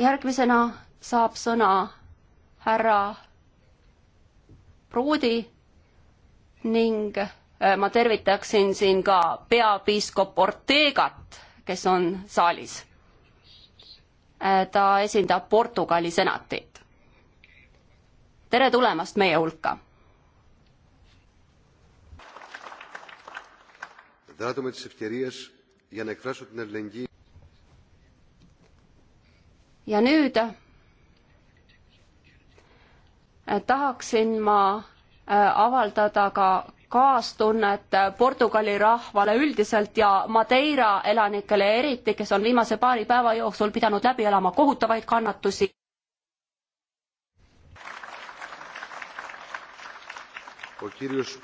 järgmisena saab sõna härra Pruudi ning äh, ma tervitaksin siin ka peapiiskop Ortegat, kes on saalis. Äh, ta esindab Portugali senatit. tere tulemast meie hulka δράτω με τις ευκαιρίες για να εκφράσω την αλληλεγγύη ja nüüd äh, tahaksin ma äh, avaldada ka kaastunnet äh, Portugali rahvale üldiselt ja Madeira elanikele eriti, kes on viimase paari päeva jooksul pidanud läbi elama kohutavaid kannatusi.